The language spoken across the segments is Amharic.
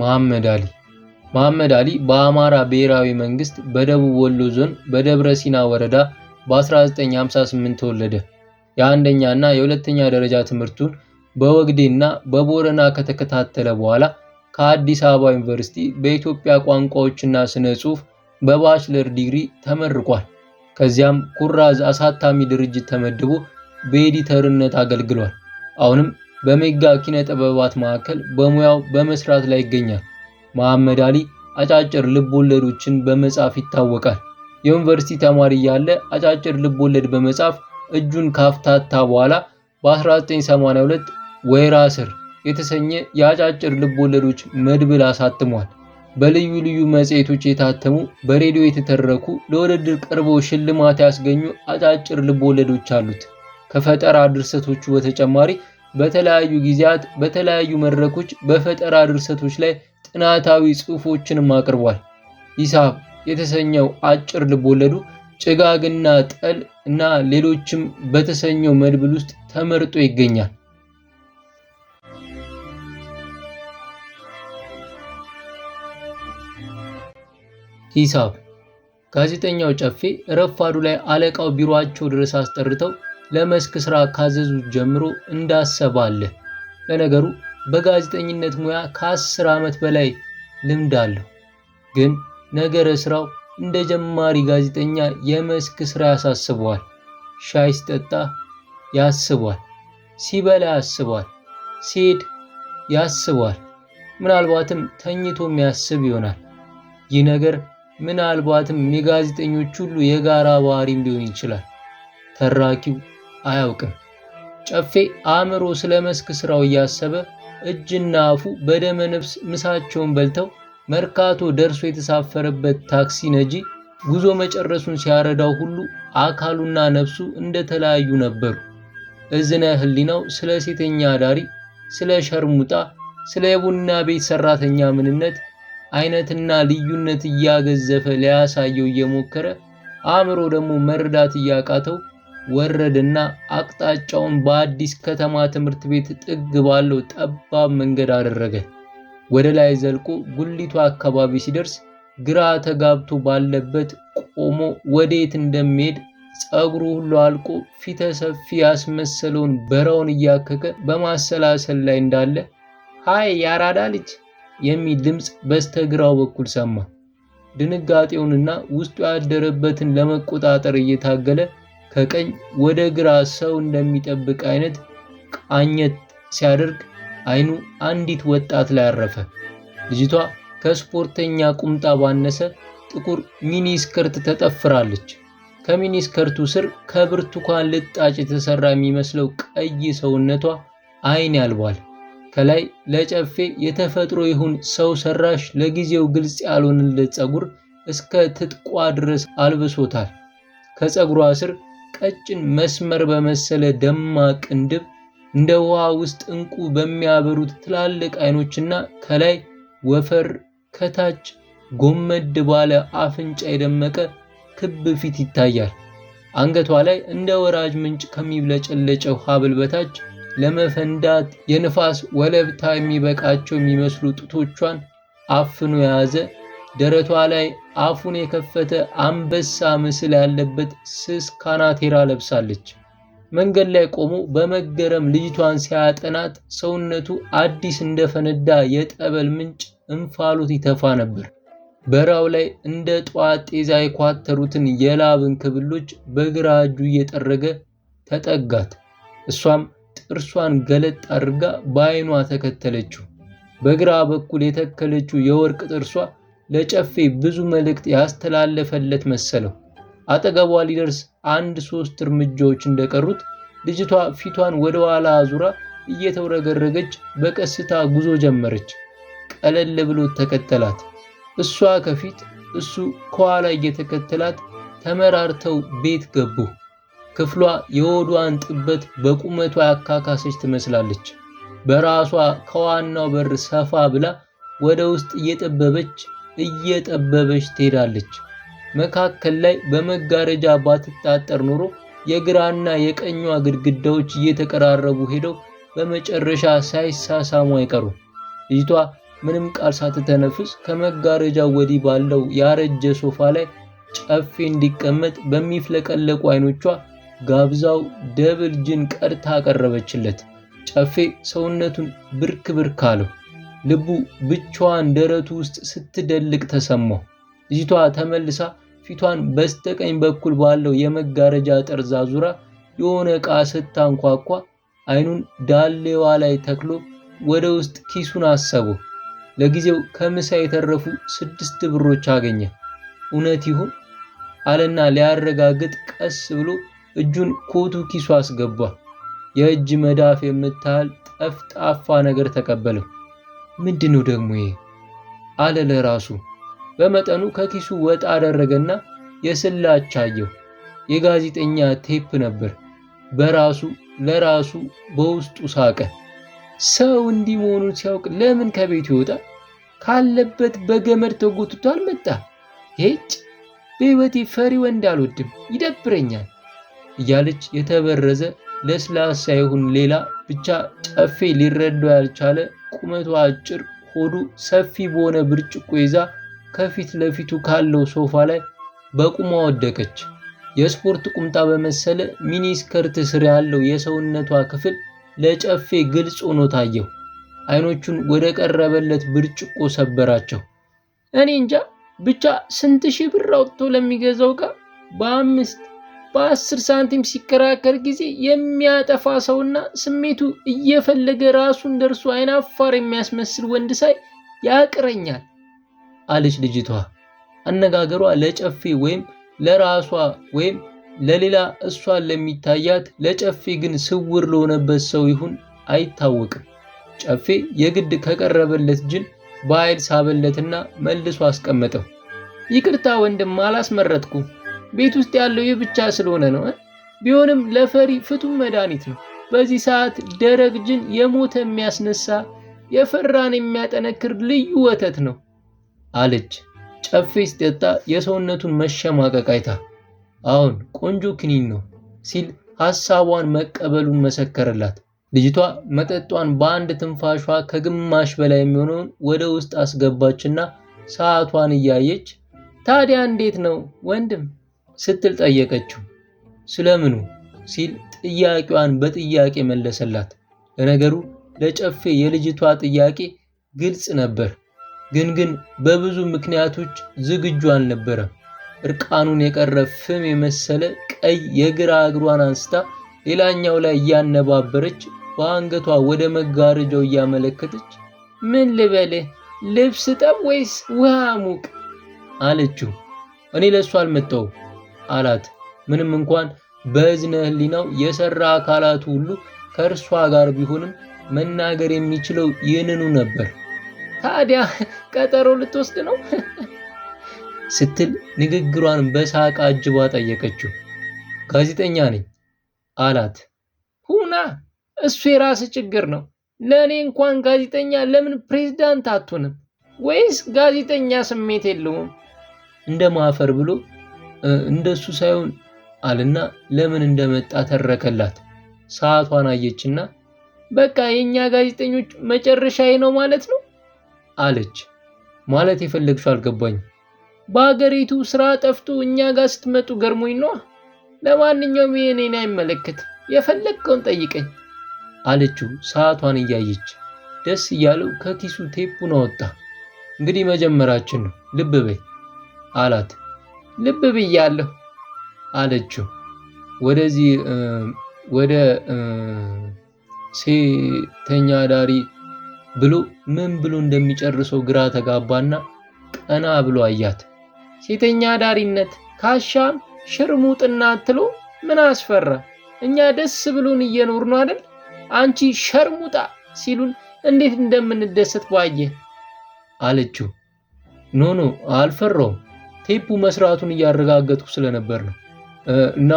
መሐመድ አሊ መሐመድ አሊ በአማራ ብሔራዊ መንግስት በደቡብ ወሎ ዞን በደብረ ሲና ወረዳ በ1958 ተወለደ። የአንደኛ የሁለተኛ ደረጃ ትምህርቱን በወግዴና በቦረና ከተከታተለ በኋላ ከአዲስ አበባ ዩኒቨርሲቲ በኢትዮጵያ ቋንቋዎችና ስነ ጽሑፍ በባችለር ዲግሪ ተመርቋል። ከዚያም ኩራዝ አሳታሚ ድርጅት ተመድቦ በኤዲተርነት አገልግሏል። አሁንም በሜጋ ኪነ ጥበባት ማዕከል በሙያው በመስራት ላይ ይገኛል። መሐመድ አሊ አጫጭር ልብ ወለዶችን በመጻፍ ይታወቃል። የዩኒቨርሲቲ ተማሪ እያለ አጫጭር ወለድ በመጻፍ እጁን ካፍታታ በኋላ በ1982 ወይራ ስር የተሰኘ የአጫጭር ወለዶች መድብል አሳትሟል። በልዩ ልዩ መጽሔቶች የታተሙ በሬዲዮ የተተረኩ ለውድድር ቀርበው ሽልማት ያስገኙ አጫጭር ወለዶች አሉት። ከፈጠራ ድርሰቶቹ በተጨማሪ በተለያዩ ጊዜያት በተለያዩ መድረኮች በፈጠራ ድርሰቶች ላይ ጥናታዊ ጽሑፎችንም አቅርቧል። ሂሳብ የተሰኘው አጭር ወለዱ ጭጋግና ጠል እና ሌሎችም በተሰኘው መድብል ውስጥ ተመርጦ ይገኛል። ሂሳብ ጋዜጠኛው ጨፌ ረፋዱ ላይ አለቃው ቢሮአቸው ድረስ አስጠርተው ለመስክ ስራ ካዘዙ ጀምሮ እንዳሰባለህ። ለነገሩ በጋዜጠኝነት ሙያ ከአስር ዓመት በላይ ልምድ አለሁ። ግን ነገረ ስራው እንደ ጀማሪ ጋዜጠኛ የመስክ ስራ ያሳስበዋል። ሻይ ሲጠጣ ያስባል፣ ሲበላ ያስባል፣ ሲሄድ ያስባል። ምናልባትም ተኝቶ የሚያስብ ይሆናል። ይህ ነገር ምናልባትም የጋዜጠኞች ሁሉ የጋራ ባህሪም ሊሆን ይችላል። ተራኪው አያውቅም። ጨፌ አእምሮ ስለ መስክ ስራው እያሰበ እጅና አፉ በደመ ነፍስ ምሳቸውን በልተው መርካቶ ደርሶ የተሳፈረበት ታክሲ ነጂ ጉዞ መጨረሱን ሲያረዳው ሁሉ አካሉና ነፍሱ እንደተለያዩ ነበሩ። እዝነ ህሊናው ስለ ሴተኛ አዳሪ፣ ስለ ሸርሙጣ፣ ስለ የቡና ቤት ሰራተኛ ምንነት አይነትና ልዩነት እያገዘፈ ሊያሳየው እየሞከረ አእምሮ ደግሞ መረዳት እያቃተው ወረደና አቅጣጫውን በአዲስ ከተማ ትምህርት ቤት ጥግ ባለው ጠባብ መንገድ አደረገ። ወደ ላይ ዘልቆ ጉሊቱ አካባቢ ሲደርስ ግራ ተጋብቶ ባለበት ቆሞ ወዴት እንደሚሄድ ጸጉሩ ሁሉ አልቆ ፊተ ሰፊ ያስመሰለውን በራውን እያከከ በማሰላሰል ላይ እንዳለ ሃይ ያራዳ ልጅ የሚል ድምፅ በስተግራው በኩል ሰማ። ድንጋጤውንና ውስጡ ያደረበትን ለመቆጣጠር እየታገለ ከቀኝ ወደ ግራ ሰው እንደሚጠብቅ አይነት ቃኘት ሲያደርግ አይኑ አንዲት ወጣት ላይ አረፈ። ልጅቷ ከስፖርተኛ ቁምጣ ባነሰ ጥቁር ሚኒ ስከርት ተጠፍራለች። ከሚኒ ስከርቱ ስር ከብርቱካን ልጣጭ የተሰራ የሚመስለው ቀይ ሰውነቷ አይን ያልቧል። ከላይ ለጨፌ የተፈጥሮ ይሁን ሰው ሰራሽ ለጊዜው ግልጽ ያልሆነለት ፀጉር እስከ ትጥቋ ድረስ አልብሶታል። ከፀጉሯ ስር ቀጭን መስመር በመሰለ ደማቅ ቅንድብ እንደ ውሃ ውስጥ እንቁ በሚያበሩት ትላልቅ አይኖችና ከላይ ወፈር ከታች ጎመድ ባለ አፍንጫ የደመቀ ክብ ፊት ይታያል። አንገቷ ላይ እንደ ወራጅ ምንጭ ከሚብለጨለጨው ሀብል በታች ለመፈንዳት የንፋስ ወለብታ የሚበቃቸው የሚመስሉ ጡቶቿን አፍኖ የያዘ ደረቷ ላይ አፉን የከፈተ አንበሳ ምስል ያለበት ስስ ካናቴራ ለብሳለች። መንገድ ላይ ቆሞ በመገረም ልጅቷን ሲያጠናት ሰውነቱ አዲስ እንደፈነዳ የጠበል ምንጭ እንፋሎት ይተፋ ነበር። በራው ላይ እንደ ጠዋት ጤዛ የኳተሩትን የላብን ክብሎች በግራ እጁ እየጠረገ ተጠጋት። እሷም ጥርሷን ገለጥ አድርጋ በአይኗ ተከተለችው። በግራ በኩል የተከለችው የወርቅ ጥርሷ ለጨፌ ብዙ መልእክት ያስተላለፈለት መሰለው። አጠገቧ ሊደርስ አንድ ሶስት እርምጃዎች እንደቀሩት ልጅቷ ፊቷን ወደ ኋላ አዙራ እየተውረገረገች በቀስታ ጉዞ ጀመረች። ቀለል ብሎ ተከተላት። እሷ ከፊት እሱ ከኋላ እየተከተላት ተመራርተው ቤት ገቡ። ክፍሏ የሆዷን ጥበት በቁመቷ ያካካሰች ትመስላለች። በራሷ ከዋናው በር ሰፋ ብላ ወደ ውስጥ እየጠበበች እየጠበበች ትሄዳለች። መካከል ላይ በመጋረጃ ባትጣጠር ኖሮ የግራና የቀኟ ግድግዳዎች እየተቀራረቡ ሄደው በመጨረሻ ሳይሳሳሙ አይቀሩ። ልጅቷ ምንም ቃል ሳትተነፍስ ከመጋረጃው ወዲህ ባለው ያረጀ ሶፋ ላይ ጨፌ እንዲቀመጥ በሚፍለቀለቁ አይኖቿ ጋብዛው ደብል ጅን ቀድታ አቀረበችለት። ጨፌ ሰውነቱን ብርክ ብርክ አለው። ልቡ ብቻዋን ደረቱ ውስጥ ስትደልቅ ተሰማ። ልጅቷ ተመልሳ ፊቷን በስተቀኝ በኩል ባለው የመጋረጃ ጠርዝ አዙራ የሆነ ዕቃ ስታንኳኳ አይኑን ዳሌዋ ላይ ተክሎ ወደ ውስጥ ኪሱን አሰቡ። ለጊዜው ከምሳ የተረፉ ስድስት ብሮች አገኘ። እውነት ይሁን አለና ሊያረጋግጥ ቀስ ብሎ እጁን ኮቱ ኪሱ አስገባ። የእጅ መዳፍ የምታህል ጠፍጣፋ ነገር ተቀበለው። ምንድን ነው ደግሞ ይሄ? አለ ለራሱ። በመጠኑ ከኪሱ ወጣ አደረገና የስላች አየሁ። የጋዜጠኛ ቴፕ ነበር። በራሱ ለራሱ በውስጡ ሳቀ። ሰው እንዲህ መሆኑን ሲያውቅ ለምን ከቤቱ ይወጣል? ካለበት በገመድ ተጎትቶ አልመጣ። ሄጭ በሕይወቴ ፈሪ ወንድ አልወድም፣ ይደብረኛል እያለች የተበረዘ ለስላሳ ይሁን ሌላ ብቻ ጨፌ ሊረዳው ያልቻለ ቁመቱ አጭር፣ ሆዱ ሰፊ በሆነ ብርጭቆ ይዛ ከፊት ለፊቱ ካለው ሶፋ ላይ በቁሟ ወደቀች። የስፖርት ቁምጣ በመሰለ ሚኒ ስከርት ስር ያለው የሰውነቷ ክፍል ለጨፌ ግልጽ ሆኖ ታየው። አይኖቹን ወደ ቀረበለት ብርጭቆ ሰበራቸው። እኔ እንጃ ብቻ ስንት ሺህ ብር አውጥቶ ለሚገዛው ዕቃ በአምስት በአስር ሳንቲም ሲከራከር ጊዜ የሚያጠፋ ሰውና ስሜቱ እየፈለገ ራሱን ደርሶ አፋር የሚያስመስል ወንድ ሳይ ያቅረኛል አለች ልጅቷ። አነጋገሯ ለጨፌ ወይም ለራሷ ወይም ለሌላ እሷን ለሚታያት ለጨፌ ግን ስውር ለሆነበት ሰው ይሁን አይታወቅም። ጨፌ የግድ ከቀረበለት ጅን በኃይል ሳበለትና መልሶ አስቀመጠው። ይቅርታ ወንድም አላስመረጥኩም ቤት ውስጥ ያለው ይህ ብቻ ስለሆነ ነው። ቢሆንም ለፈሪ ፍቱም መድኃኒት ነው። በዚህ ሰዓት ደረቅ ጅን የሞተ የሚያስነሳ የፈራን የሚያጠነክር ልዩ ወተት ነው አለች ጨፌ ስጠጣ የሰውነቱን መሸማቀቅ አይታ። አሁን ቆንጆ ክኒን ነው ሲል ሐሳቧን መቀበሉን መሰከረላት። ልጅቷ መጠጧን በአንድ ትንፋሿ ከግማሽ በላይ የሚሆነውን ወደ ውስጥ አስገባችና ሰዓቷን እያየች ታዲያ እንዴት ነው ወንድም ስትል ጠየቀችው። ስለምኑ ሲል ጥያቄዋን በጥያቄ መለሰላት። ለነገሩ ለጨፌ የልጅቷ ጥያቄ ግልጽ ነበር፣ ግን ግን በብዙ ምክንያቶች ዝግጁ አልነበረም። እርቃኑን የቀረ ፍም የመሰለ ቀይ የግራ እግሯን አንስታ ሌላኛው ላይ እያነባበረች በአንገቷ ወደ መጋረጃው እያመለከተች ምን ልበልህ ልብስ ጠብ ወይስ ውሃ ሙቅ አለችው። እኔ ለእሱ አልመጣሁም አላት። ምንም እንኳን በእዝነ ህሊናው የሰራ አካላት ሁሉ ከእርሷ ጋር ቢሆንም መናገር የሚችለው ይህንኑ ነበር። ታዲያ ቀጠሮ ልትወስድ ነው ስትል ንግግሯን በሳቅ አጅባ ጠየቀችው። ጋዜጠኛ ነኝ አላት። ሁና፣ እሱ የራስ ችግር ነው። ለእኔ እንኳን ጋዜጠኛ ለምን ፕሬዝዳንት አትሆንም? ወይስ ጋዜጠኛ ስሜት የለውም? እንደ ማፈር ብሎ እንደሱ ሳይሆን አልና ለምን እንደመጣ ተረከላት። ሰዓቷን አየችና በቃ የኛ ጋዜጠኞች መጨረሻዬ ነው ማለት ነው አለች። ማለት የፈለግሽው አልገባኝ። በሀገሪቱ ስራ ጠፍቶ እኛ ጋር ስትመጡ ገርሞኝ ነዋ። ለማንኛውም የኔን አይመለከት፣ የፈለግከውን ጠይቀኝ አለችው። ሰዓቷን እያየች ደስ እያለው ከኪሱ ቴፑን አወጣ። እንግዲህ መጀመራችን ነው ልብ በይ አላት። ልብ ብያለሁ አለችው። ወደዚህ ወደ ሴተኛ ዳሪ ብሎ ምን ብሎ እንደሚጨርሰው ግራ ተጋባና ቀና ብሎ አያት። ሴተኛ ዳሪነት ካሻም ሽርሙጥና ትሎ ምን አስፈራ? እኛ ደስ ብሎን እየኖር ነው አይደል? አንቺ ሸርሙጣ ሲሉን እንዴት እንደምንደሰት ባየ አለችው። ኖኖ ኖ አልፈራውም ቴፑ መስራቱን እያረጋገጥኩ ስለነበር ነው። እና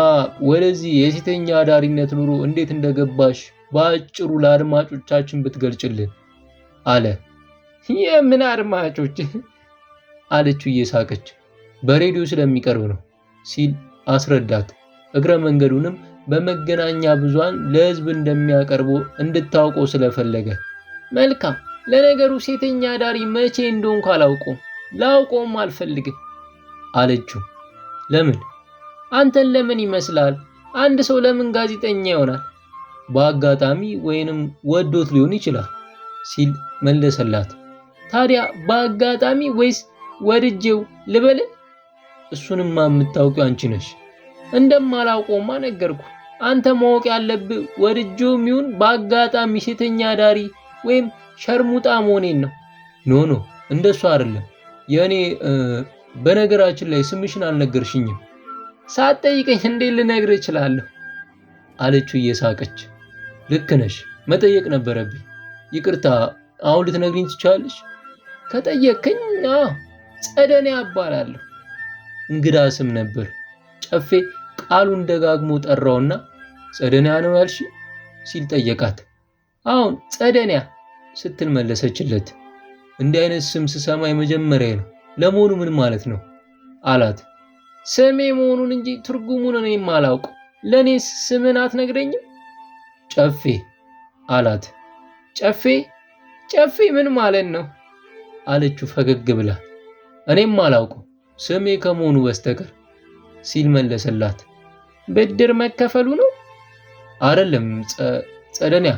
ወደዚህ የሴተኛ አዳሪነት ኑሮ እንዴት እንደገባሽ በአጭሩ ለአድማጮቻችን ብትገልጭልን አለ። የምን አድማጮች አለችው እየሳቀች። በሬዲዮ ስለሚቀርብ ነው ሲል አስረዳት። እግረ መንገዱንም በመገናኛ ብዙሃን ለህዝብ እንደሚያቀርቡ እንድታውቀው ስለፈለገ መልካም። ለነገሩ ሴተኛ አዳሪ መቼ እንደሆንኩ አላውቀውም፣ ላውቀውም አልፈልግም አለችው። ለምን አንተን ለምን ይመስላል? አንድ ሰው ለምን ጋዜጠኛ ይሆናል? በአጋጣሚ ወይንም ወዶት ሊሆን ይችላል ሲል መለሰላት። ታዲያ በአጋጣሚ ወይስ ወድጄው ልበል? እሱንማ የምታውቂው አንቺ ነሽ። እንደማላውቀውማ ነገርኩ። አንተ ማወቅ ያለብህ ወድጄው የሚሆን በአጋጣሚ ሴተኛ ዳሪ ወይም ሸርሙጣ መሆኔን ነው። ኖ ኖ እንደሱ አይደለም የእኔ በነገራችን ላይ ስምሽን አልነገርሽኝም። ሳትጠይቀኝ እንዴት ልነግር እችላለሁ? አለችው እየሳቀች። ልክ ነሽ፣ መጠየቅ ነበረብኝ። ይቅርታ፣ አሁን ልትነግሪኝ ትችላለሽ? ከጠየቅኝ ጸደኔ አባላለሁ። እንግዳ ስም ነበር። ጨፌ ቃሉን ደጋግሞ ጠራውና ጸደንያ ነው ያልሽ ሲል ጠየቃት። አሁን ጸደንያ ስትል መለሰችለት። እንዲህ አይነት ስም ስሰማ የመጀመሪያ ነው። ለመሆኑ ምን ማለት ነው አላት። ስሜ መሆኑን እንጂ ትርጉሙን እኔ አላውቅ። ለእኔስ ስምን አትነግረኝም? ጨፌ አላት። ጨፌ ጨፌ ምን ማለት ነው አለችው ፈገግ ብላ። እኔም አላውቅ ስሜ ከመሆኑ በስተቀር ሲል መለሰላት። ብድር መከፈሉ ነው አይደለም ጸደንያ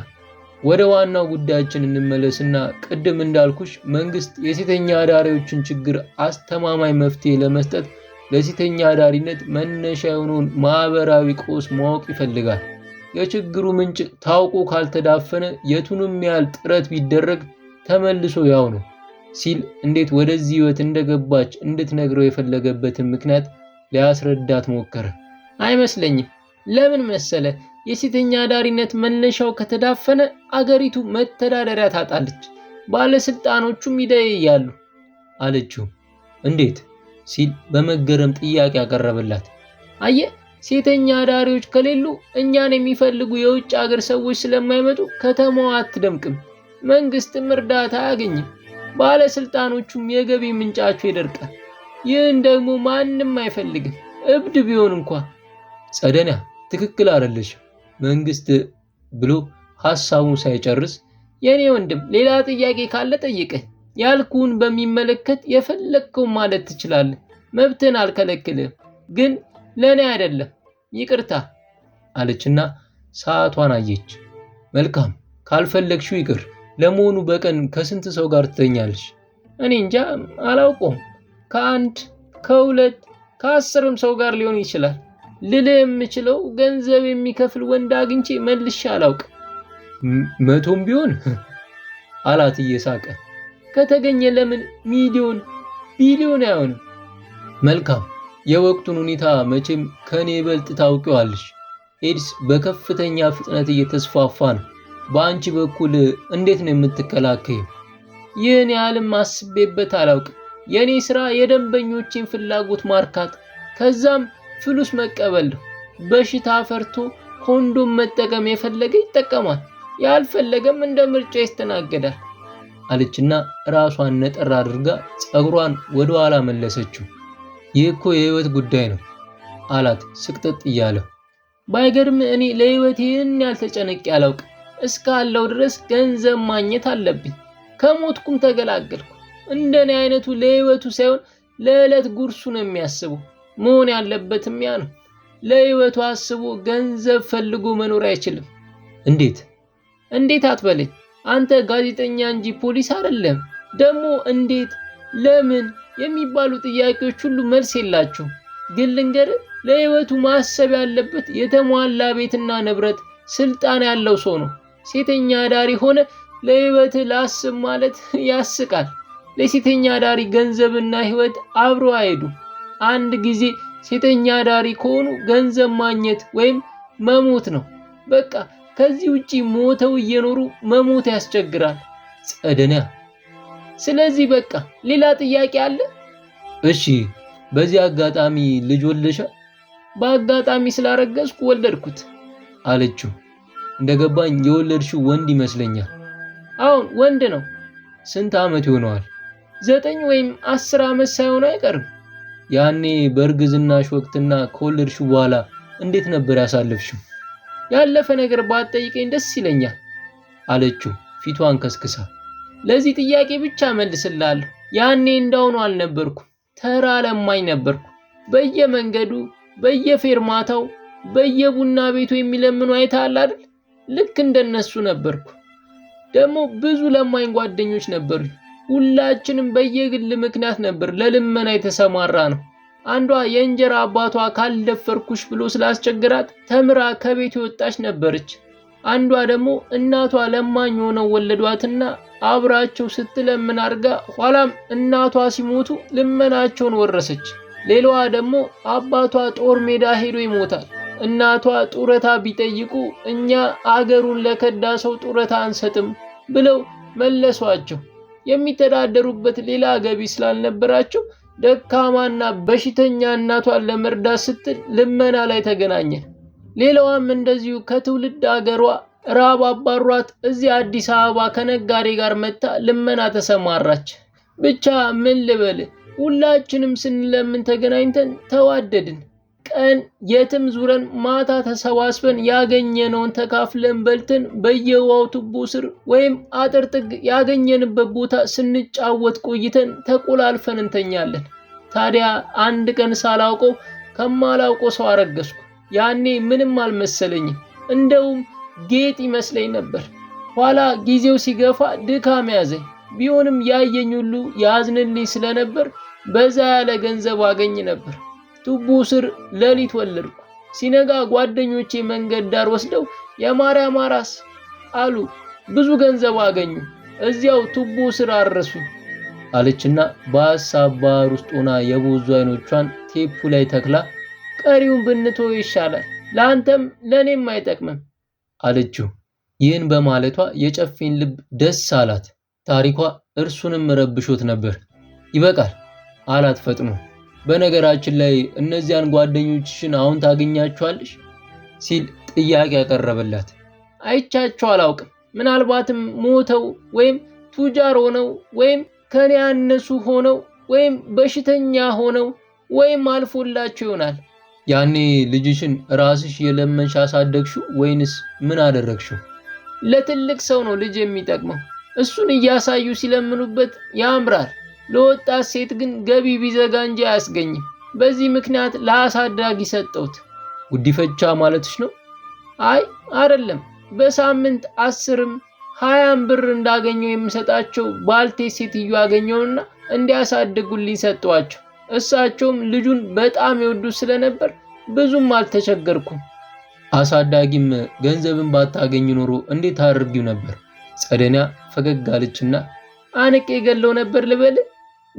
ወደ ዋናው ጉዳያችን እንመለስና ቅድም እንዳልኩሽ መንግስት የሴተኛ አዳሪዎችን ችግር አስተማማኝ መፍትሄ ለመስጠት ለሴተኛ አዳሪነት መነሻ የሆነውን ማህበራዊ ቀውስ ማወቅ ይፈልጋል። የችግሩ ምንጭ ታውቆ ካልተዳፈነ የቱንም ያህል ጥረት ቢደረግ ተመልሶ ያው ነው ሲል እንዴት ወደዚህ ህይወት እንደገባች እንድትነግረው የፈለገበትን ምክንያት ሊያስረዳት ሞከረ። አይመስለኝም። ለምን መሰለ የሴተኛ አዳሪነት መነሻው ከተዳፈነ አገሪቱ መተዳደሪያ ታጣለች፣ ባለስልጣኖቹም ይደያያሉ አለችው። እንዴት ሲል በመገረም ጥያቄ አቀረበላት። አየ ሴተኛ አዳሪዎች ከሌሉ እኛን የሚፈልጉ የውጭ አገር ሰዎች ስለማይመጡ ከተማዋ አትደምቅም፣ መንግስትም እርዳታ አያገኝም፣ ባለስልጣኖቹም የገቢ ምንጫቸው ይደርቃል። ይህን ደግሞ ማንም አይፈልግም፣ እብድ ቢሆን እንኳ። ጸደንያ ትክክል አይደለሽም። መንግስት ብሎ ሐሳቡን ሳይጨርስ የኔ ወንድም ሌላ ጥያቄ ካለ ጠይቅህ ያልኩን በሚመለከት የፈለግከው ማለት ትችላለህ። መብትን አልከለክልህም፣ ግን ለእኔ አይደለም ይቅርታ አለችና ሰዓቷን አየች። መልካም ካልፈለግሽው ይቅር። ለመሆኑ በቀን ከስንት ሰው ጋር ትተኛለሽ? እኔ እንጃ አላውቀውም። ከአንድ ከሁለት ከአስርም ሰው ጋር ሊሆን ይችላል። ልል የምችለው ገንዘብ የሚከፍል ወንድ አግኝቼ መልሼ አላውቅ። መቶም ቢሆን አላት እየሳቀ ከተገኘ ለምን ሚሊዮን ቢሊዮን አይሆንም። መልካም የወቅቱን ሁኔታ መቼም ከኔ ይበልጥ ታውቂዋለሽ። ኤድስ በከፍተኛ ፍጥነት እየተስፋፋ ነው። በአንቺ በኩል እንዴት ነው የምትከላከይ? ይህን ያህልም አስቤበት አላውቅ! የኔ ስራ የደንበኞችን ፍላጎት ማርካት ከዛም ፍሉስ መቀበል ነው። በሽታ ፈርቶ ኮንዶም መጠቀም የፈለገ ይጠቀማል፣ ያልፈለገም እንደ ምርጫ ይስተናገዳል አለችና ራሷን ነጠር አድርጋ ፀጉሯን ወደ ኋላ መለሰችው። ይህ እኮ የህይወት ጉዳይ ነው አላት ስቅጥጥ እያለ። ባይገርም እኔ ለህይወት ይህን ያልተጨነቅ ያላውቅ እስካለው ድረስ ገንዘብ ማግኘት አለብኝ። ከሞትኩም ተገላገልኩ። እንደኔ አይነቱ ለህይወቱ ሳይሆን ለዕለት ጉርሱ ነው የሚያስበው። መሆን ያለበትም ያ ነው። ለህይወቱ አስቦ ገንዘብ ፈልጎ መኖር አይችልም። እንዴት እንዴት አትበለኝ። አንተ ጋዜጠኛ እንጂ ፖሊስ አይደለም። ደግሞ እንዴት፣ ለምን የሚባሉ ጥያቄዎች ሁሉ መልስ የላቸው። ግን ልንገር፣ ለህይወቱ ማሰብ ያለበት የተሟላ ቤትና ንብረት፣ ስልጣን ያለው ሰው ነው። ሴተኛ ዳሪ ሆነ ለህይወት ላስብ ማለት ያስቃል። ለሴተኛ ዳሪ ገንዘብና ህይወት አብሮ አይሄዱ። አንድ ጊዜ ሴተኛ አዳሪ ከሆኑ ገንዘብ ማግኘት ወይም መሞት ነው። በቃ ከዚህ ውጪ ሞተው እየኖሩ መሞት ያስቸግራል። ጸደነ ስለዚህ በቃ ሌላ ጥያቄ አለ? እሺ፣ በዚህ አጋጣሚ ልጅ ወለሻ? በአጋጣሚ ስላረገዝኩ ወለድኩት አለችው። እንደገባኝ የወለድሽው ወንድ ይመስለኛል። አሁን ወንድ ነው። ስንት ዓመት ይሆነዋል? ዘጠኝ ወይም አስር ዓመት ሳይሆን አይቀርም። ያኔ በእርግዝናሽ ወቅትና ከወለድሽ በኋላ እንዴት ነበር ያሳለፍሽው? ያለፈ ነገር ባትጠይቀኝ ደስ ይለኛል አለችው ፊቷን ከስክሳ። ለዚህ ጥያቄ ብቻ መልስላለሁ። ያኔ እንዳሁኑ አልነበርኩ፣ ተራ ለማኝ ነበርኩ። በየመንገዱ በየፌርማታው በየቡና ቤቱ የሚለምኑ አይተሃል አይደል? ልክ እንደነሱ ነበርኩ። ደግሞ ብዙ ለማኝ ጓደኞች ነበሩኝ። ሁላችንም በየግል ምክንያት ነበር ለልመና የተሰማራ ነው። አንዷ የእንጀራ አባቷ ካልደፈርኩሽ ብሎ ስላስቸግራት ተምራ ከቤት የወጣች ነበረች። አንዷ ደግሞ እናቷ ለማኝ ሆነው ወለዷትና አብራቸው ስትለምን አድርጋ ኋላም እናቷ ሲሞቱ ልመናቸውን ወረሰች። ሌላዋ ደግሞ አባቷ ጦር ሜዳ ሄዶ ይሞታል። እናቷ ጡረታ ቢጠይቁ እኛ አገሩን ለከዳ ሰው ጡረታ አንሰጥም ብለው መለሷቸው። የሚተዳደሩበት ሌላ ገቢ ስላልነበራቸው ደካማና በሽተኛ እናቷን ለመርዳት ስትል ልመና ላይ ተገናኘ። ሌላዋም እንደዚሁ ከትውልድ አገሯ ራብ አባሯት እዚህ አዲስ አበባ ከነጋዴ ጋር መጥታ ልመና ተሰማራች። ብቻ ምን ልበል፣ ሁላችንም ስንለምን ተገናኝተን ተዋደድን። ቀን የትም ዙረን ማታ ተሰባስበን ያገኘነውን ተካፍለን በልተን በየዋው ቱቦ ስር ወይም አጥር ጥግ ያገኘንበት ቦታ ስንጫወት ቆይተን ተቆላልፈን እንተኛለን። ታዲያ አንድ ቀን ሳላውቀው ከማላውቀው ሰው አረገዝኩ። ያኔ ምንም አልመሰለኝም፣ እንደውም ጌጥ ይመስለኝ ነበር። ኋላ ጊዜው ሲገፋ ድካም ያዘኝ። ቢሆንም ያየኝ ሁሉ ያዝንልኝ ስለነበር በዛ ያለ ገንዘብ አገኝ ነበር። ቱቦ ስር ሌሊት ወለድኩ። ሲነጋ ጓደኞቼ መንገድ ዳር ወስደው የማርያም አራስ አሉ። ብዙ ገንዘብ አገኙ። እዚያው ቱቦ ስር አረሱኝ አለችና በሀሳብ ባህር ውስጥ ሆና የቦዙ አይኖቿን ቴፑ ላይ ተክላ ቀሪውን ብንቶ ይሻላል፣ ለአንተም ለእኔም አይጠቅምም አለችው። ይህን በማለቷ የጨፌን ልብ ደስ አላት። ታሪኳ እርሱንም ረብሾት ነበር። ይበቃል አላት ፈጥኖ። በነገራችን ላይ እነዚያን ጓደኞችሽን አሁን ታገኛቸዋለሽ? ሲል ጥያቄ ያቀረበላት። አይቻቸው አላውቅም። ምናልባትም ሞተው ወይም ቱጃር ሆነው ወይም ከኔ ያነሱ ሆነው ወይም በሽተኛ ሆነው ወይም አልፎላቸው ይሆናል። ያኔ ልጅሽን ራስሽ የለመንሽ አሳደግሽው ወይንስ ምን አደረግሽው? ለትልቅ ሰው ነው ልጅ የሚጠቅመው። እሱን እያሳዩ ሲለምኑበት ያምራል። ለወጣት ሴት ግን ገቢ ቢዘጋ እንጂ አያስገኝም። በዚህ ምክንያት ለአሳዳጊ ሰጠሁት። ጉዲፈቻ ማለትሽ ነው? አይ አይደለም። በሳምንት አስርም ሀያም ብር እንዳገኘው የምሰጣቸው ባልቴ ሴትዮ አገኘውና እንዲያሳድጉልኝ ሰጠዋቸው። እሳቸውም ልጁን በጣም የወዱ ስለነበር ብዙም አልተቸገርኩም። አሳዳጊም ገንዘብን ባታገኝ ኖሮ እንዴት አድርጊው ነበር? ጸደኒያ ፈገግ አለችና አንቄ ገለው ነበር ልበል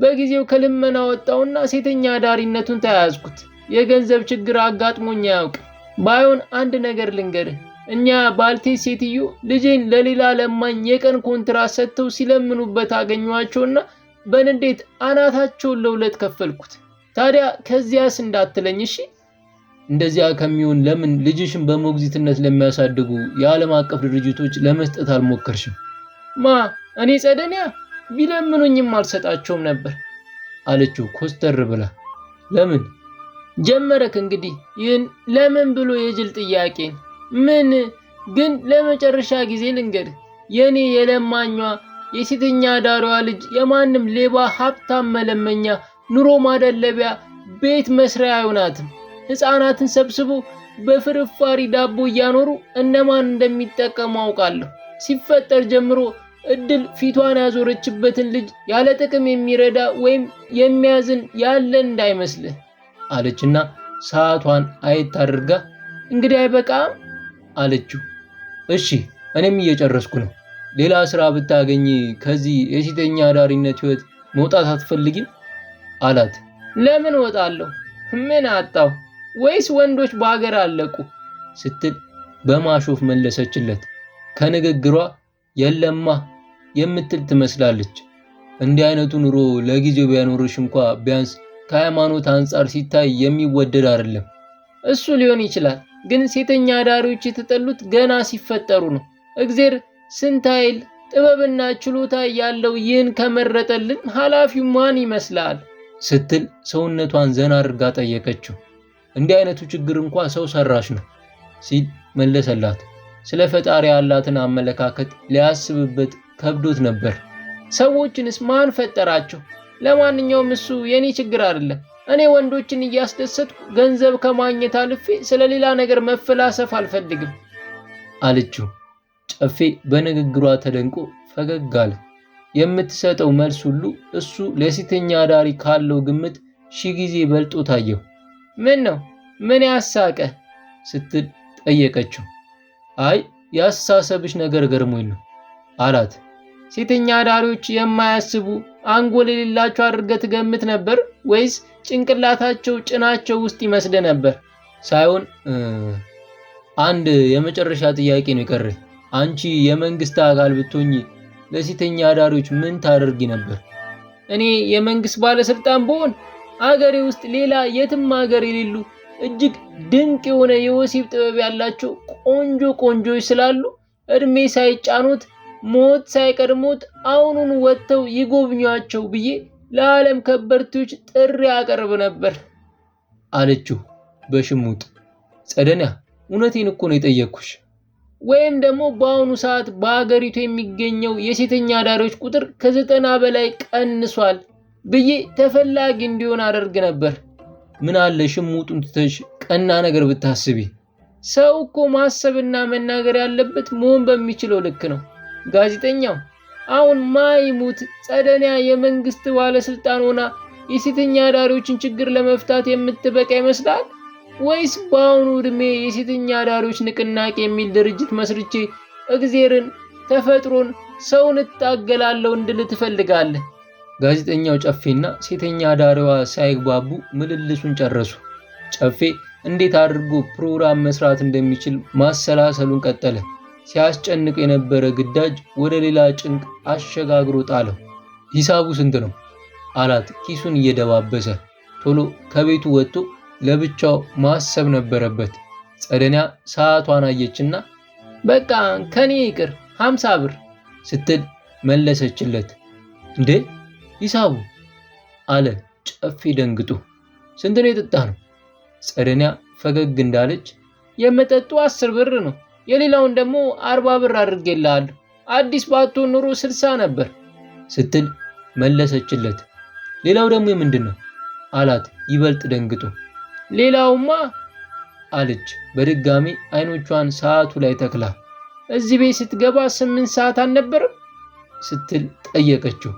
በጊዜው ከልመና ወጣውና ሴተኛ አዳሪነቱን ተያያዝኩት። የገንዘብ ችግር አጋጥሞኝ አያውቅ። ባይሆን አንድ ነገር ልንገርህ፣ እኛ ባልቴት ሴትዮ ልጄን ለሌላ ለማኝ የቀን ኮንትራት ሰጥተው ሲለምኑበት አገኘኋቸውና በንዴት አናታቸውን ለሁለት ከፈልኩት። ታዲያ ከዚያስ እንዳትለኝ እሺ። እንደዚያ ከሚሆን ለምን ልጅሽን በሞግዚትነት ለሚያሳድጉ የዓለም አቀፍ ድርጅቶች ለመስጠት አልሞከርሽም? ማ እኔ ጸደንያ ቢለምኑኝም አልሰጣቸውም ነበር አለችው ኮስተር ብላ። ለምን ጀመረክ? እንግዲህ ይህን ለምን ብሎ የጅል ጥያቄን። ምን ግን ለመጨረሻ ጊዜ ልንገድ የእኔ የለማኟ የሴተኛ አዳሪዋ ልጅ የማንም ሌባ ሀብታም መለመኛ፣ ኑሮ ማደለቢያ፣ ቤት መስሪያ አይሆናትም። ሕፃናትን ሰብስቦ በፍርፋሪ ዳቦ እያኖሩ እነማን እንደሚጠቀሙ አውቃለሁ። ሲፈጠር ጀምሮ እድል ፊቷን ያዞረችበትን ልጅ ያለ ጥቅም የሚረዳ ወይም የሚያዝን ያለ እንዳይመስልህ አለችና ሰዓቷን አየት አድርጋ እንግዲህ አይበቃም አለችው። እሺ እኔም እየጨረስኩ ነው። ሌላ ስራ ብታገኝ ከዚህ የሴተኛ አዳሪነት ህይወት መውጣት አትፈልጊም? አላት። ለምን ወጣለሁ? ምን አጣው? ወይስ ወንዶች በሀገር አለቁ? ስትል በማሾፍ መለሰችለት። ከንግግሯ የለማ የምትል ትመስላለች። እንዲህ አይነቱ ኑሮ ለጊዜው ቢያኖርሽ እንኳ ቢያንስ ከሃይማኖት አንጻር ሲታይ የሚወደድ አይደለም። እሱ ሊሆን ይችላል፣ ግን ሴተኛ አዳሪዎች የተጠሉት ገና ሲፈጠሩ ነው። እግዜር ስንት ኃይል ጥበብና ችሎታ ያለው ይህን ከመረጠልን ኃላፊው ማን ይመስላል? ስትል ሰውነቷን ዘና አድርጋ ጠየቀችው። እንዲህ አይነቱ ችግር እንኳ ሰው ሰራሽ ነው ሲል መለሰላት። ስለ ፈጣሪ ያላትን አመለካከት ሊያስብበት ከብዶት ነበር። ሰዎችንስ ማን ፈጠራቸው? ለማንኛውም እሱ የኔ ችግር አይደለም። እኔ ወንዶችን እያስደሰትኩ ገንዘብ ከማግኘት አልፌ ስለ ሌላ ነገር መፈላሰፍ አልፈልግም አለችው። ጨፌ በንግግሯ ተደንቆ ፈገግ አለ። የምትሰጠው መልስ ሁሉ እሱ ለሴተኛ አዳሪ ካለው ግምት ሺህ ጊዜ በልጦ ታየው። ምን ነው ምን ያሳቀ ስትል ጠየቀችው። አይ ያሳሰብሽ ነገር ገርሞኝ ነው አላት። ሴተኛ አዳሪዎች የማያስቡ አንጎል የሌላቸው አድርገህ ትገምት ነበር ወይስ ጭንቅላታቸው ጭናቸው ውስጥ ይመስል ነበር? ሳይሆን አንድ የመጨረሻ ጥያቄ ነው የቀረኝ። አንቺ የመንግስት አካል ብትሆኝ ለሴተኛ አዳሪዎች ምን ታደርጊ ነበር? እኔ የመንግስት ባለስልጣን ብሆን አገሬ ውስጥ ሌላ የትም ሀገር የሌሉ እጅግ ድንቅ የሆነ የወሲብ ጥበብ ያላቸው ቆንጆ ቆንጆዎች ስላሉ እድሜ ሳይጫኑት ሞት ሳይቀድሙት አሁኑን ወጥተው ይጎብኟቸው ብዬ ለዓለም ከበርቴዎች ጥሪ አቀርብ ነበር አለችው በሽሙጥ። ጸደንያ እውነቴን እኮ ነው የጠየቅኩሽ። ወይም ደግሞ በአሁኑ ሰዓት በሀገሪቱ የሚገኘው የሴተኛ አዳሪዎች ቁጥር ከዘጠና በላይ ቀንሷል ብዬ ተፈላጊ እንዲሆን አደርግ ነበር። ምን አለ ሽሙጡን ትተሽ ቀና ነገር ብታስቢ። ሰው እኮ ማሰብና መናገር ያለበት መሆን በሚችለው ልክ ነው። ጋዜጠኛው አሁን ማይሙት ጸደኒያ የመንግስት ባለስልጣን ሆና የሴተኛ አዳሪዎችን ችግር ለመፍታት የምትበቃ ይመስላል ወይስ በአሁኑ ዕድሜ የሴተኛ አዳሪዎች ንቅናቄ የሚል ድርጅት መስርቼ እግዜርን፣ ተፈጥሮን፣ ሰውን እታገላለሁ እንድል ትፈልጋለህ? ጋዜጠኛው ጨፌና ሴተኛ አዳሪዋ ሳይግባቡ ምልልሱን ጨረሱ። ጨፌ እንዴት አድርጎ ፕሮግራም መስራት እንደሚችል ማሰላሰሉን ቀጠለ። ሲያስጨንቅ የነበረ ግዳጅ ወደ ሌላ ጭንቅ አሸጋግሮ ጣለው። ሂሳቡ ስንት ነው አላት ኪሱን እየደባበሰ። ቶሎ ከቤቱ ወጥቶ ለብቻው ማሰብ ነበረበት። ጸደኒያ ሰዓቷን አየችና በቃ ከኔ ይቅር ሀምሳ ብር ስትል መለሰችለት። እንዴ ሂሳቡ አለ ጨፌ ደንግጦ። ስንት ነው የጠጣ ነው? ጸደኒያ ፈገግ እንዳለች የመጠጡ አስር ብር ነው የሌላውን ደግሞ አርባ ብር አድርጌልሃለሁ አዲስ ባቶ ኑሮ ስልሳ ነበር ስትል መለሰችለት። ሌላው ደግሞ የምንድን ነው አላት ይበልጥ ደንግጦ። ሌላውማ አለች በድጋሚ አይኖቿን ሰዓቱ ላይ ተክላ፣ እዚህ ቤት ስትገባ ስምንት ሰዓት አልነበረም ስትል ጠየቀችው።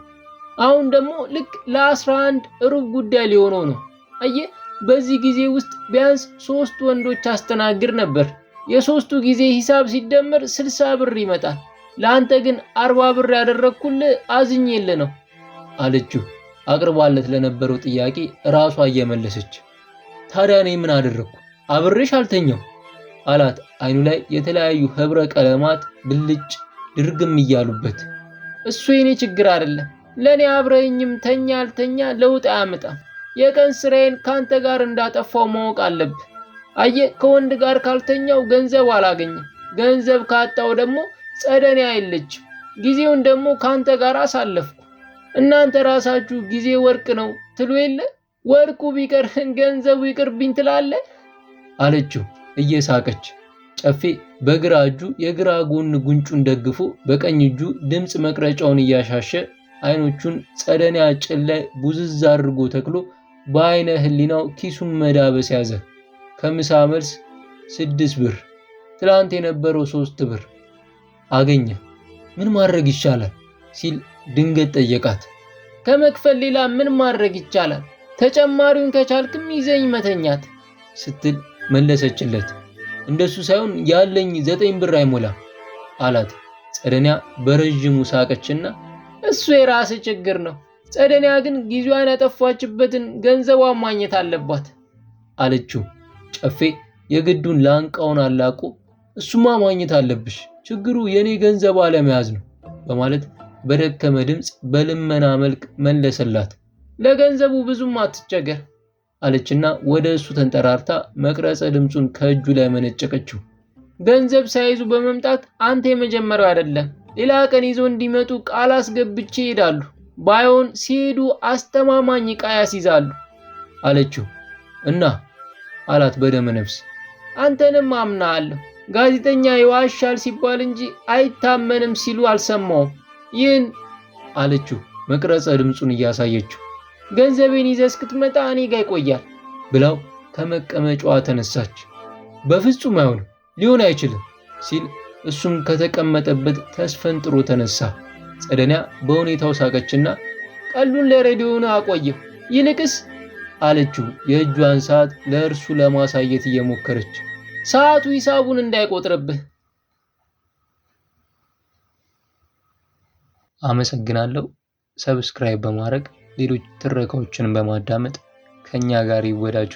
አሁን ደግሞ ልክ ለአስራ አንድ ሩብ ጉዳይ ሊሆነው ነው። አየ በዚህ ጊዜ ውስጥ ቢያንስ ሶስት ወንዶች አስተናግድ ነበር። የሶስቱ ጊዜ ሂሳብ ሲደመር ስልሳ ብር ይመጣል። ለአንተ ግን አርባ ብር ያደረግኩልህ አዝኜልህ ነው አለችው አቅርባለት ለነበረው ጥያቄ ራሷ እየመለሰች። ታዲያ እኔ ምን አደረግኩ? አብሬሽ አልተኛው አላት። አይኑ ላይ የተለያዩ ህብረ ቀለማት ብልጭ ድርግም እያሉበት። እሱ የኔ ችግር አይደለም። ለኔ አብረኝም ተኛ አልተኛ ለውጥ አያመጣም። የቀን ስራዬን ካንተ ጋር እንዳጠፋው ማወቅ አለብህ። አየ ከወንድ ጋር ካልተኛው ገንዘብ አላገኝም። ገንዘብ ካጣው ደግሞ ጸደኔ አይለችም። ጊዜውን ደግሞ ካንተ ጋር አሳለፍኩ። እናንተ ራሳችሁ ጊዜ ወርቅ ነው ትሉ የለ? ወርቁ ቢቀር ገንዘቡ ይቅርብኝ ትላለ አለችው እየሳቀች። ጨፌ በግራ እጁ የግራ ጎን ጉንጩን ደግፎ በቀኝ እጁ ድምፅ መቅረጫውን እያሻሸ አይኖቹን ጸደኒያ አጭን ላይ ቡዝዝ አድርጎ ተክሎ በአይነ ህሊናው ኪሱን መዳበስ ያዘ። ከምሳ መልስ ስድስት ብር ትላንት የነበረው ሶስት ብር አገኘ። ምን ማድረግ ይቻላል ሲል ድንገት ጠየቃት። ከመክፈል ሌላ ምን ማድረግ ይቻላል? ተጨማሪውን ከቻልክም ይዘኝ መተኛት ስትል መለሰችለት። እንደሱ ሳይሆን ያለኝ ዘጠኝ ብር አይሞላም አላት። ጸደንያ በረዥሙ ሳቀችና እሱ የራስ ችግር ነው፣ ጸደንያ ግን ጊዜዋን ያጠፋችበትን ገንዘቧን ማግኘት አለባት አለችው። ጨፌ የግዱን ላንቃውን አላቁ! እሱማ ማግኘት አለብሽ፣ ችግሩ የኔ ገንዘብ አለመያዝ ነው በማለት በደከመ ድምፅ በልመና መልክ መለሰላት። ለገንዘቡ ብዙም አትቸገር አለችና ወደ እሱ ተንጠራርታ መቅረጸ ድምፁን ከእጁ ላይ መነጨቀችው። ገንዘብ ሳይዙ በመምጣት አንተ የመጀመሪያው አይደለም። ሌላ ቀን ይዞ እንዲመጡ ቃል አስገብቼ ይሄዳሉ። ባይሆን ሲሄዱ አስተማማኝ ዕቃ ያስይዛሉ አለችው እና አላት በደመ ነፍስ። አንተንም አምናለሁ። ጋዜጠኛ ይዋሻል ሲባል እንጂ አይታመንም ሲሉ አልሰማውም። ይህን አለችው መቅረጸ ድምፁን እያሳየችው። ገንዘቤን ይዘህ እስክትመጣ እኔ ጋ ይቆያል ብላው ከመቀመጫዋ ተነሳች። በፍጹም አይሆንም፣ ሊሆን አይችልም ሲል እሱም ከተቀመጠበት ተስፈንጥሮ ተነሳ። ጸደንያ በሁኔታው ሳቀችና ቀሉን ለሬዲዮን አቆየው ይልቅስ አለችው የእጇን ሰዓት ለእርሱ ለማሳየት እየሞከረች። ሰዓቱ ሂሳቡን እንዳይቆጥርብህ። አመሰግናለሁ። ሰብስክራይብ በማድረግ ሌሎች ትረካዎችን በማዳመጥ ከኛ ጋር ይወዳጁ።